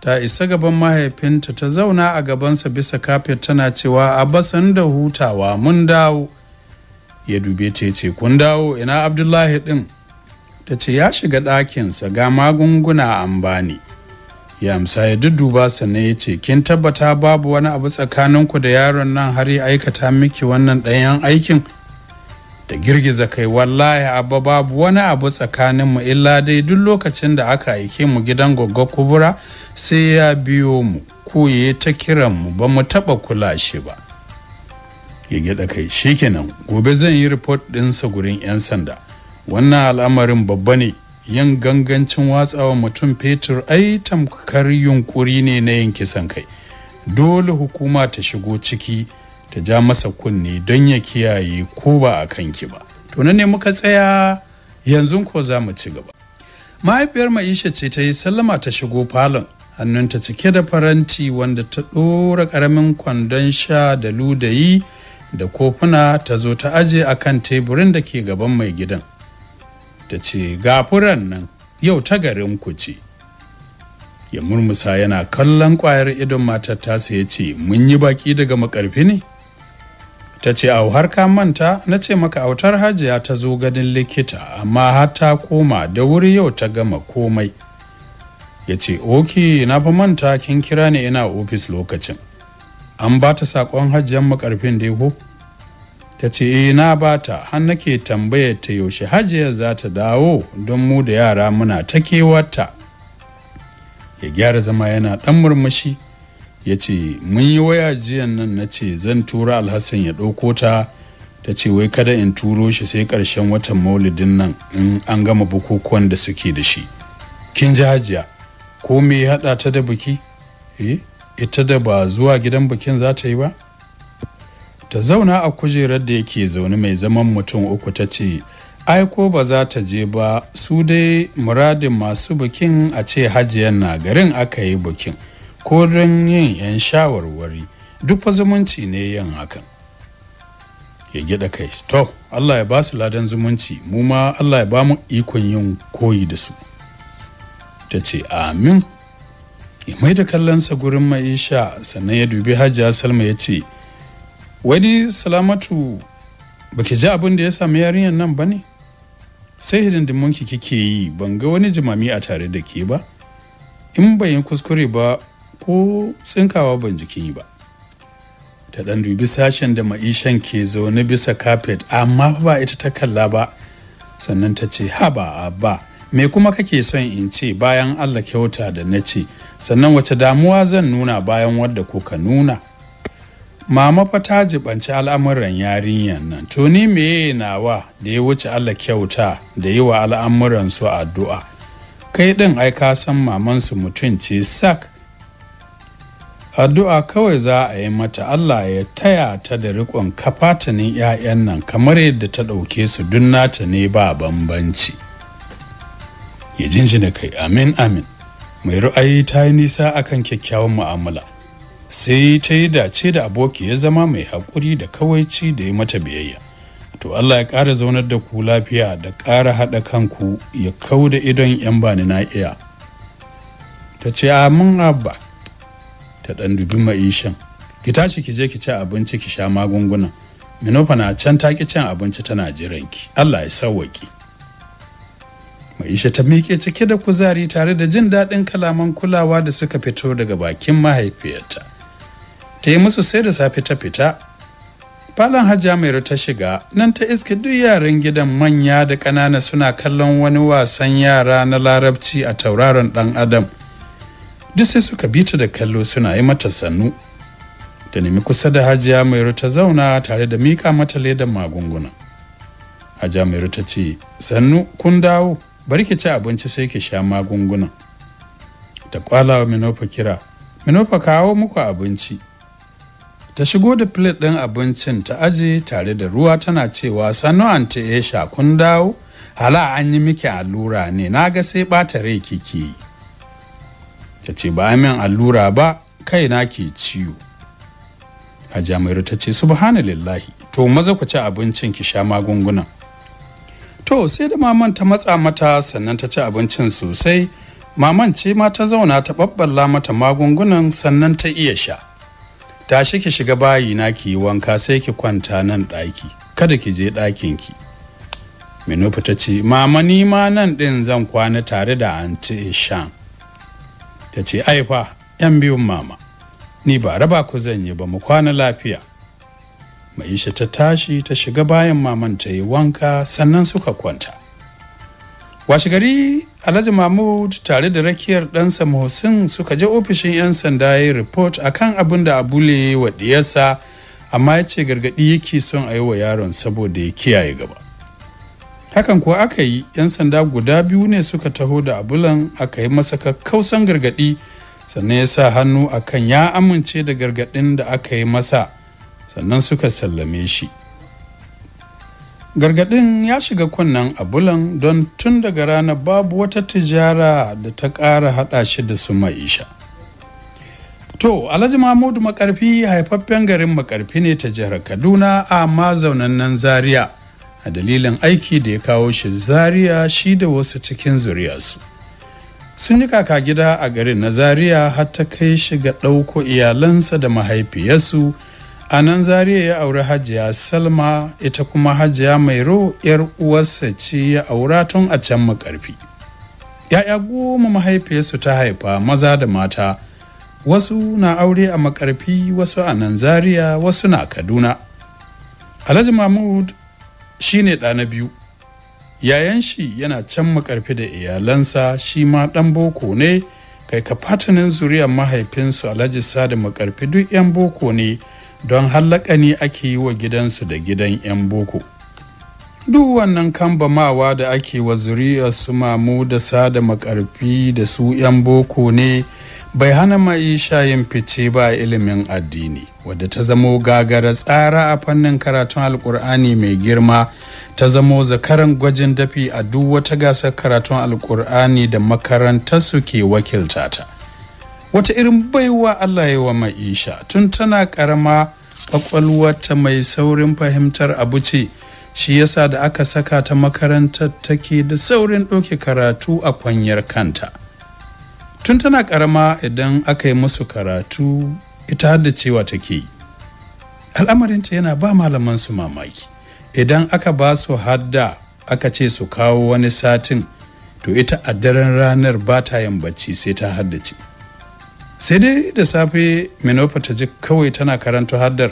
ta isa gaban mahaifinta ta zauna a gabansa bisa kafet tana cewa "A basan da hutawa mun dawo ya dube ta ce kun dawo ina abdullahi ɗin?" ta ce ya shiga ɗakinsa ga magunguna an bani ya amsa ya dudduba sannan ya ce kin tabbata babu wani abu tsakaninku da yaron nan har ya aikata miki wannan ɗayan aikin da girgiza kai wallahi abba babu wani abu tsakaninmu illa dai duk lokacin da aka aike mu gidan goggo kubura sai ya biyo mu ko koye ta kiran mu ba mu taɓa kula shi ba ya gida kai shikenan gobe zan yi report sa gurin 'yan sanda wannan al'amarin babba ne yin gangancin watsawa mutum fetur ai tamkar yunkuri ne na yin kisan kai dole hukuma ta shigo ciki ta ja masa kunne don ya kiyaye ko ba a kanki ba to nan ne muka tsaya yanzu ko za mu ci gaba mahaifiyar maisha ce ta yi sallama ta shigo falon Hannun ta cike da faranti wanda ta ɗora ƙaramin kwandon sha da ludayi da kofuna ta zo ta aje a kan teburin da ke gaban mai gidan ta ce gafuran nan yau ta garin ku ce ya murmusa yana kallon ƙwayar idon matar tasa ya ce mun yi baki daga makarfi ne ta ce au har ka manta na ce maka autar hajiya ta zo ganin likita amma har ta koma da wuri yau ta gama komai ya ce oke na fa manta kin kira ni ina ofis lokacin an ba ta saƙon hajiyar makarfin da ko ta ce eh na ba ta har nake tambaya ta yaushe hajiyar za ta dawo don mu da yara muna ta kewata ya gyara zama yana ɗan murmushi ya ce mun yi waya jiyan nan na ce zan tura alhassan ya ɗauko ta ta ce wai kada in turo shi sai ƙarshen watan maulidin nan in an gama bukukuwan da suke da shi kin ji hajiya ko me ya haɗa ta da biki eh, ita da ba zuwa gidan bikin za ta yi ba ta zauna a kujerar da yake zaune mai zaman mutum uku ta ce ai ko ba za ta je ba su dai muradin masu bikin a ce hajiyan na garin aka yi bikin ko don yin 'yan shawarwari duk fa zumunci ne yin hakan ya gida kai to Allah ya ba su ladan zumunci mu ma Allah ya ba mu ikon yin koyi da su ta ce amin ya mai da kallonsa gurin maisha sannan ya dubi hajiya salma ya ce wani salamatu baki ji abin da ya sami yarinyar nan ba ne sai hidindimunki kike yi ban ga wani jimami a tare da ke ba in bai yi kuskure ba ko tsinkawa ban jikin yi ba ta ɗan dubi sashen da ma'ishan ke zaune bisa kafet amma ba ita ta kalla ba sannan ta ce ha ba me kuma kake son in ce bayan allah kyauta da na ce sannan wace damuwa zan nuna bayan wadda kuka nuna mama fa ta jibanci al'amuran yarinyar nan to ni meye nawa da ya wuce allah kyauta da yi wa al'amuran su addu'a kai ɗin ai ka san maman su mutum ce sak addu'a kawai za a yi mata Allah ya taya ta da riƙon kafatanin 'ya'yan nan kamar yadda ta ɗauke su dun nata ne ba bambanci ya jinjina kai amin amin mai ra'ayi ta yi nisa akan kyakkyawan mu'amala sai ta yi dace da aboki ya zama mai haƙuri da kawaici da ya mata biyayya to Allah ya ƙara zaunar da ku lafiya da ƙara haɗa kanku ya kau da idon 'yan bani na iya ta ce amin abba ta dan dubi ma'ishan ki tashi ki je ki ci abinci ki sha magunguna minofa na can ta ki cin abinci tana jiran ki Allah ya sawwaki Maisha ta miƙe cike da kuzari tare da jin daɗin kalaman kulawa da suka fito daga bakin mahaifiyarta. Ta yi musu sai da safe ta fita. Falon hajja mai ta shiga nan ta iske duk yaran gidan manya da ƙanana suna kallon wani wasan yara na larabci a tauraron ɗan adam. duk sai suka bi ta da kallo suna yi mata sannu ta nemi kusa da hajiya mai ta zauna tare da miƙa mata ledan magunguna hajiya mai ta ce sannu kun dawo bari ki ci abinci sai ki sha magunguna ta kwala wa minofa kira minofa kawo muku abinci ta shigo da plate ɗin abincin ta aje tare da ruwa tana cewa sannu an esha kun dawo hala an yi miki allura ne na ga sai ɓata rai kike yi ta ce ba min allura ba kai na ke ciwo hajiya ta ce subhanallahi to maza ku ci abincin ki sha magungunan to sai da maman ta matsa mata sannan ta ci abincin sosai maman ce ma ta zauna ta babballa mata magungunan sannan ta iya sha tashi ki shiga bayi na ki yi wanka sai ki kwanta nan ɗaki kada ki je ɗakin ki minufa ta ce mama ni ma nan ɗin zan kwana tare da anti shan. ta ce ai yan biyun mama ni ba raba ku zan yi ba mu kwana lafiya maisha ta tashi ta shiga bayan maman ta yi wanka sannan suka kwanta washe gari alhaji mahmud tare da rakiyar ɗansa mahusin suka je ofishin 'yan sanda ya yi report kan abin da abule wa diyarsa amma ya ce gargaɗi yake son a yi wa yaron saboda ya kiyaye gaba hakan kuwa aka yi 'yan sanda guda biyu ne suka taho da abulan aka yi masa kakkausan gargadi sannan ya sa hannu akan ya amince da gargadin da aka yi masa sannan suka sallame shi Gargadin ya shiga kunnen abulan don tun daga rana babu wata tijara da ta ƙara haɗa shi da su ma'isha to alhaji mahmudu makarfi haifaffen garin makarfi ne ta jihar kaduna a mazaunan zaria a dalilin aiki da ya kawo shi Zariya shi da wasu cikin zuriyarsu sun yi kaka gida a garin na Zariya har ta kai shi ga ɗauko iyalansa da mahaifiyarsu a nan zaria ya auri hajiya salma ita kuma hajiya mai ro yar uwarsa ce ya aura tun a can makarfi ya'ya goma mahaifiyarsu ta haifa maza da mata wasu na aure a makarfi wasu a nan zaria wasu na kaduna alhaji mahmud shi ne ɗa na biyu yayan shi yana can makarfi da iyalansa shi ma ɗan boko ne kai ka fatanin zuriyar mahaifinsu alhaji sadi makarfi duk 'yan boko ne don hallakani ake yi wa gidansu da gidan 'yan boko duk wannan kambamawa da ake wa zuriyar su mamu da sada makarfi da su 'yan boko ne bai hana mai shayin fice ba a ilimin addini wadda ta zamo gagara tsara a fannin karatun alkur'ani mai girma ta zamo zakaran gwajin dafi a duk wata gasar karatun alkur'ani da su ke wakilta ta wata irin baiwa allah yi wa ma'isha tun tana karama kwakwalwata mai saurin fahimtar abu ce shi yasa da aka saka ta makarantar take da saurin ɗauke karatu a kwanyar kanta tun tana karama idan aka yi musu karatu ita har da cewa take yi al'amarinta yana ba malaman su mamaki idan aka ba su hadda aka ce su kawo wani satin to ita a daren ranar ba ta yin bacci sai ta haddace sai dai da safe minofa ta ji kawai tana karanta haddar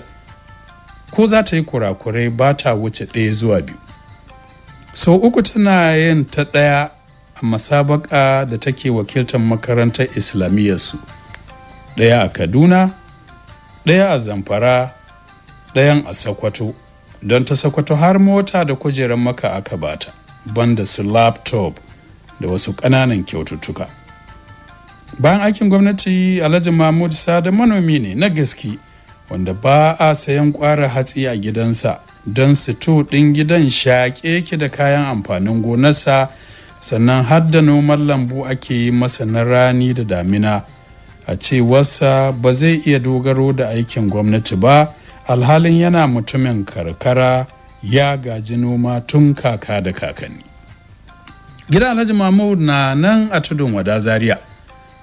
ko za ta yi kurakurai ba ta wuce ɗaya zuwa biyu sau uku tana yin ta ɗaya a masabaka da take wakiltar makarantar islamiyyarsu ɗaya a kaduna ɗaya a zamfara ɗayan a sokoto don ta sokoto har mota da kujerar maka aka bata banda su laptop da wasu ƙananan kyaututtuka bayan aikin gwamnati alhaji mahmud sada manomi ne na gaske wanda ba a sayan ƙwara hatsi a gidansa don sito ɗin gidan shaƙe ki da kayan amfanin gonarsa sannan har da noman lambu ake yi masa na rani da damina a cewarsa ba zai iya dogaro da aikin gwamnati ba alhalin yana mutumin karkara ya gaji noma tun kaka da kakanni Gida alhaji mahmud na nan a tudun wada zaria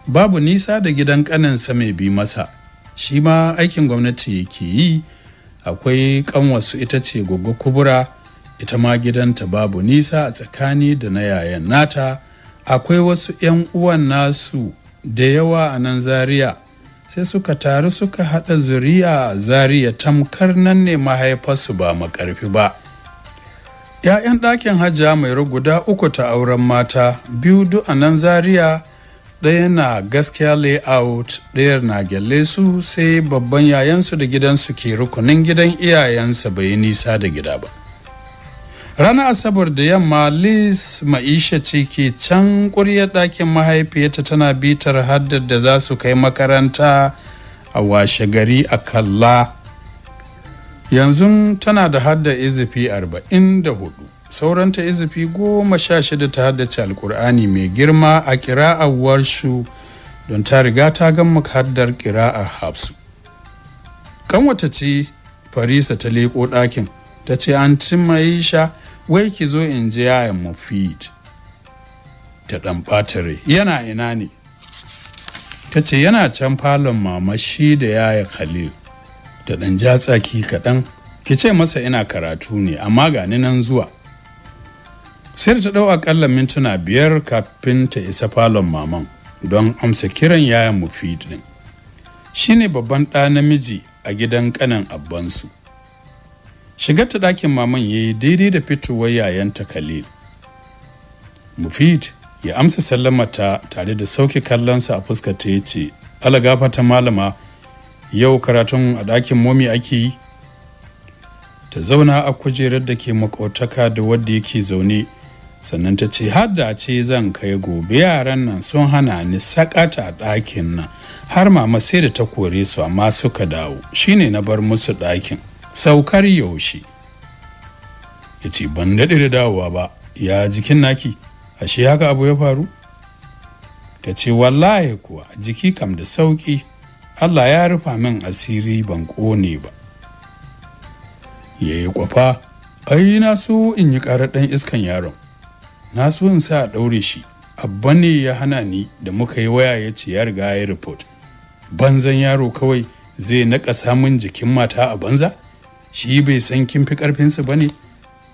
babu nisa da gidan kaninsa mai bi masa shi ma aikin gwamnati ke yi akwai kan wasu ita ce goggo kubura ita ma gidanta babu nisa a tsakani da na yayan nata akwai wasu 'yan uwan nasu da yawa a nan zaria sai suka taru suka haɗa zuriya a zaria tamkar nan ne mahaifarsu ba makarfi ba ‘ya'yan ɗakin hajja mai guda uku ta auren mata biyu du a nan zaria ɗaya na gaskiya layout ɗayar na gyalle su sai babban yayansu da gidansu ke rukunin gidan iyayensa bai yi nisa da gida ba ranar asabar da yamma liz maisha ce ke can ƙuryar ɗakin mahaifiyarta tana bitar haddar da za su kai makaranta a washe gari a kalla yanzu tana da haddar izifi hudu. sauranta izifi goma sha shida ta haddace alkur'ani mai girma a kira'awar shu don ta riga ta gama haddar kira'ar hafsu kan wata ce farisa ta leƙo ɗakin ta ce an cimma yi sha wai ki zo in ji yayan mufid ta ɗan batare yana ina ne ta ce yana can falon mama shi da yaya khalil ta ɗan ja tsaki kaɗan ki ce masa ina karatu ne amma ga ni nan zuwa sai ta ɗau akalla mintuna biyar kafin ta isa falon maman don amsa kiran yayan mufid ɗin shine babban ɗa namiji a gidan ƙanan abbansu shigar ta ɗakin maman ya yi daidai da fitowar yayanta khalil mufid ya amsa sallamata tare da sauke kallonsa a fuskar ta yace ce alagafa ta malama yau karatun a ɗakin momi ake yi ta zauna a kujerar da ke makotaka da wadda yake zaune sannan ta ce har da ce zan kai gobe yaran nan sun hana ni sakata a ɗakin nan har mama sai da ta kore su amma suka dawo shine na bar musu ɗakin saukar yaushe ya ce ban daɗe da dawowa ba ya jikin naki ashe haka abu ya faru ta ce wallahi kuwa jiki kam da sauƙi allah ya rufa min asiri ban ƙone ba ya yi kwafa ai na so in yi ƙarar ɗan iskan yaron na so in sa a ɗaure shi abba ne ya hana ni da muka yi waya ya ce ya riga ya report banzan yaro kawai zai naƙa samun jikin mata a banza shi bai san kin fi ƙarfinsu ba ne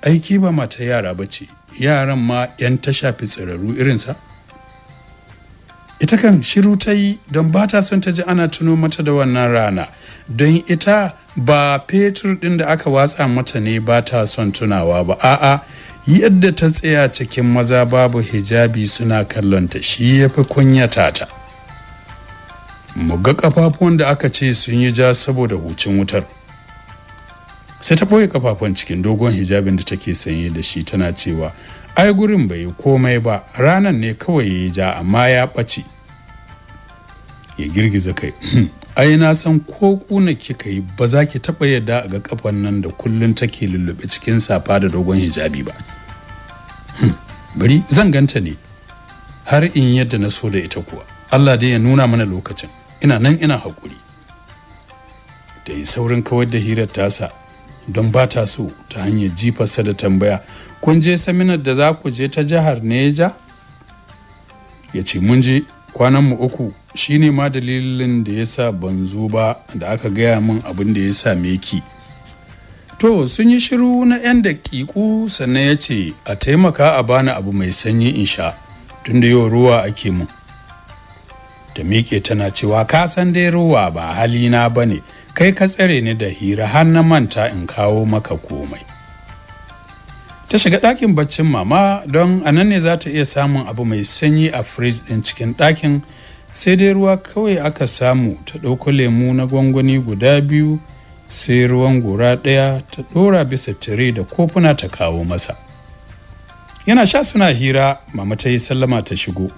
aiki ba mata yara ba ce yaran ma 'yan ta shafi irin irinsa ita kan shiru ta yi don ba ta son ta ji ana tuno mata da wannan rana don ita ba fetur ɗin da aka watsa mata ne ba ta son tunawa ba a'a yadda ta tsaya cikin maza babu hijabi suna kallonta shi ya fi kunyata ta mu ga ƙafafuwan da aka ce sun yi ja saboda hucin wutar sai ta ɓoye kafafun cikin dogon hijabin da take sanye da shi tana cewa ai gurin bai yi komai ba ranan ne kawai ya ja amma ya ɓace ya girgiza kai hmm, ai na san ko kuna kika yi ba za ki taɓa yadda a ga kafan nan da kullun take lullube cikin safa da dogon hijabi ba hmm, bari zan ganta ne har in yadda na so da ita kuwa Allah dai ya nuna mana lokacin ina nan ina haƙuri da yi saurin kawar da hirar tasa don ba ta so ta hanyar jifarsa da tambaya kun je saminar da za ku je ta jihar neja ya ce mun je kwanan mu uku ne ma dalilin da ya sa ban zo ba da aka gaya min abin da ya same ki to sun yi shiru na 'yan daƙiƙu sannan ya ce a taimaka a bani abu mai sanyi in sha tunda yau ruwa ake mun ta miƙe tana cewa ka san dai ruwa ba halina ba ne kai ka tsare ni da hira har na manta in kawo maka komai ta shiga ɗakin baccin mama don a nan ne za ta iya samun abu mai sanyi a fridge ɗin cikin ɗakin sai dai ruwa kawai aka samu ta ɗauko lemu na gwangwani guda biyu sai ruwan gora ɗaya ta ɗora bisa tire da kofuna ta kawo masa yana sha suna hira mama ta yi sallama ta shigo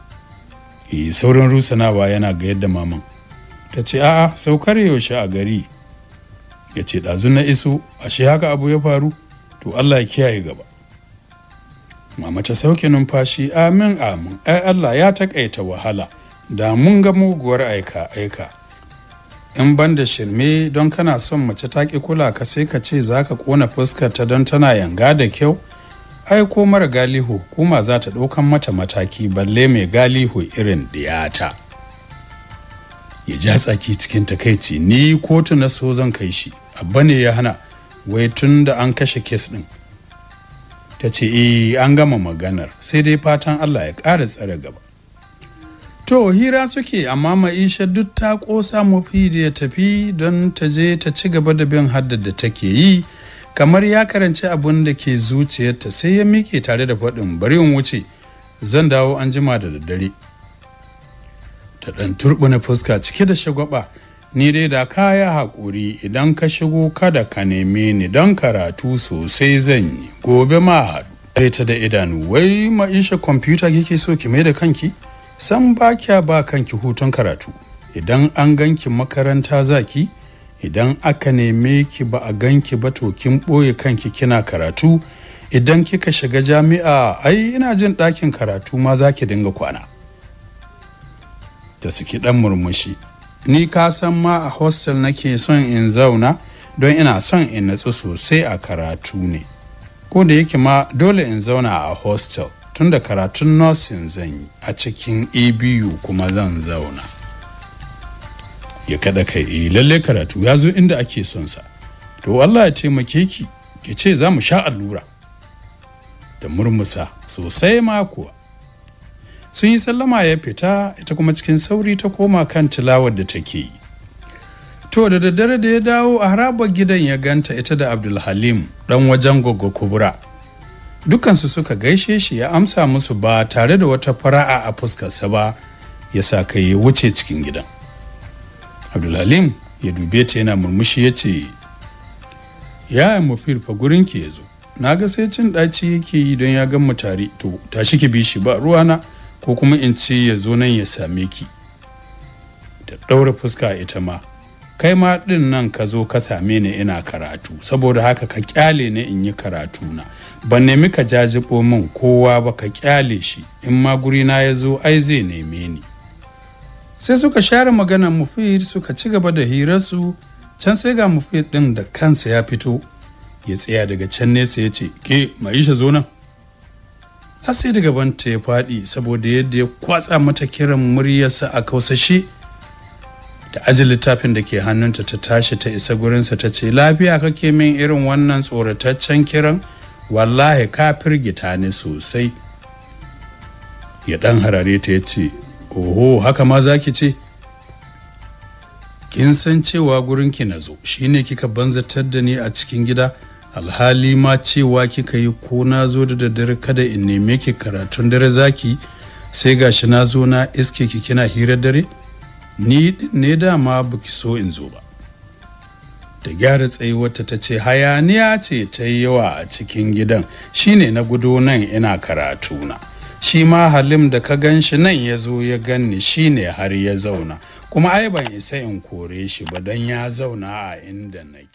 saurin rusanawa yana ga yadda maman ta ce a'a saukar yaushe a gari ya ce ɗazu na iso ashe haka abu ya faru to allah ya kiyaye gaba mama ta sauke numfashi amin amin ai allah ya takaita wahala da mun ga muguwar aika aika in ban da shirme don kana son mace ta ƙi kula ka sai ka ce za ka ƙona fuskar ta don tana yanga da kyau ai ko mara galihu kuma za ta ɗaukan mata mataki balle mai galihu irin ɗiyata. ya ja tsaki cikin takaici ni kotu na so zan kai shi abba ne ya hana wai tun da an kashe kes din ta ce eh an gama maganar sai dai fatan allah ya ƙara tsare gaba to hira suke amma ma'isha duk ta ƙosa mafi da ya tafi don ta je ta ci gaba da bin haddar da take yi kamar ya karanci abun da ke zuciyarta sai ya miƙe tare da faɗin bari in wuce zan dawo an jima da daddare ta ɗan turbuna fuska cike da shagwaba ni dai da kaya hakuri idan ka shigo kada ka neme ni don karatu sosai zan yi gobe ma haɗu ta da idanu wai ma'isha kwamfuta kike so ki mai da kanki san ba kya ba kanki hutun karatu idan an ganki makaranta zaki idan aka neme ki ba a ganki ba to kin ɓoye kanki kina karatu idan kika shiga jami'a ai ina jin ɗakin karatu ma zaki dinga kwana Da suke ɗan murmushi ni ka san ma a hostel nake son in zauna don ina son in natsu sosai a karatu ne ko da yake ma dole in zauna a hostel tunda karatun nursing zan yi a cikin abu kuma zan zauna ya kada kai eh lalle karatu ya zo inda ake son sa to Allah ya taimake ki ki ce za mu sha allura Da murmusa sosai ma kuwa sun yi sallama ya fita ita kuma cikin sauri ta koma kan tilawar da take yi to da daddare da ya dawo a harabar gidan ya ganta ita da abdulhalim dan wajen goggo kubura dukansu suka gaishe shi ya amsa musu ba tare da wata fara'a a fuskarsa ba ya sa kai ya wuce cikin gidan abdulhalim ya dube ta yana murmushi ya ce ya mufir fa gurinki ya zo na ga sai cin ɗaci yake yi don ya gan mu tare to tashi ki bi shi ba ruwana ko kuma in ce ya zo nan ya same ki ta ɗaura fuska ita ma kai ma ɗin nan ka zo ka same ni ina karatu saboda haka ka kyale ni in yi karatu na ban nemi ka jajibo min kowa ba ka kyale shi in ma guri na ya zo ai zai neme ni sai suka share maganar mufid suka ci gaba da hirarsu can sai ga mufid ɗin da kansa ya fito ya tsaya daga can nesa ya ce ke maisha zo nan har sai da gabanta ya faɗi saboda yadda ya kwatsa mata kiran muryarsa a kausashe da aji littafin da ke hannunta ta tashi ta isa gurinsa ta ce lafiya kake min irin wannan tsorataccen kiran wallahi ka firgita ni sosai ya ɗan harare ta ya ce oho haka ma za ki ce kin san cewa gurinki na zo shine kika banzatar da ni a cikin gida alhali ma cewa kika yi ko na zo da daddare kada in neme ki karatun dare zaki sai gashi na zo na iske ki kina hira dare ni ne dama baki so in zo ba da gyara wata ta ce hayaniya ce ta yi yawa a cikin gidan shine na gudo nan ina karatu na shi ma halim da ka gan shi nan ya zo ya ganni shine har ya zauna kuma ai ban isa in kore shi ba don ya zauna a inda nake